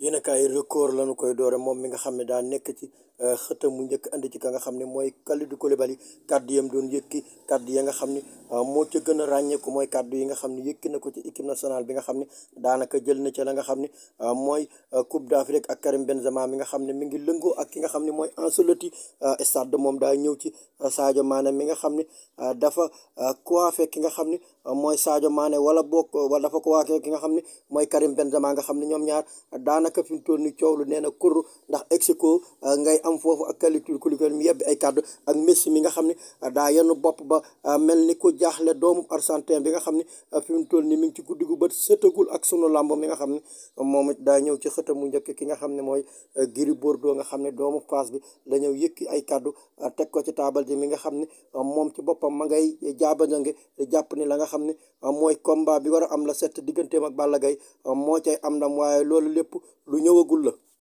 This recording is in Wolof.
yéen a kaay record lañu koy doore moom mi nga xam ne daa nekk ci euh, xëtam mu njëkk indi ci ka nga xam ne mooy Kalidou Koulibaly kàddu yam doon yëkki kàddu ya nga xam ni Euh, moo ca gën a ràññeeku mooy kàddu yi nga xam ni yëkki na ko ci équipe nationale bi nga xam ne daanaka jël na ca la nga xam ne euh, mooy euh, coupe d'Afrique ak Karim Benzema nga xam ne mi ngi lëngoo ak ki nga xam ne mooy Ancelotti stade moom daa ñëw ci Sadio Mané mi nga xam ni dafa coiffé ki nga xam ni mooy Sadio Mané wala bokk wala dafa coiffé ki nga xam ne mooy Karim Benzema nga xam ne ñoom ñaar daanaka fi mu toll ni coow lu nee na kur ndax exico ngay am foofu ak calcul calcul mi yebbi ay kaddu ak messi mi nga xam ne daa yenn bopp ba ah, mel ni ku jaaxle doomu argentin bi nga xam ne ah, fi mu toll ni mi ngi ci guddi gu bët sëtagul ak sunu làmb mi nga xam ne moom daa ñëw ci xëta mu njëkk ki nga xam ne mooy ah, Gris Bordeaux nga xam ne doomu Fass bi la yëkki ay kàddu teg ko ci taabal ji mi nga xam ne moom ci boppam ma ngay jaabanjange jàpp ni la nga xam ne mooy combat bi war a am la set digganteem ak Balla Gaye moo cay am ndam waaye loolu lépp lu ñëwagul la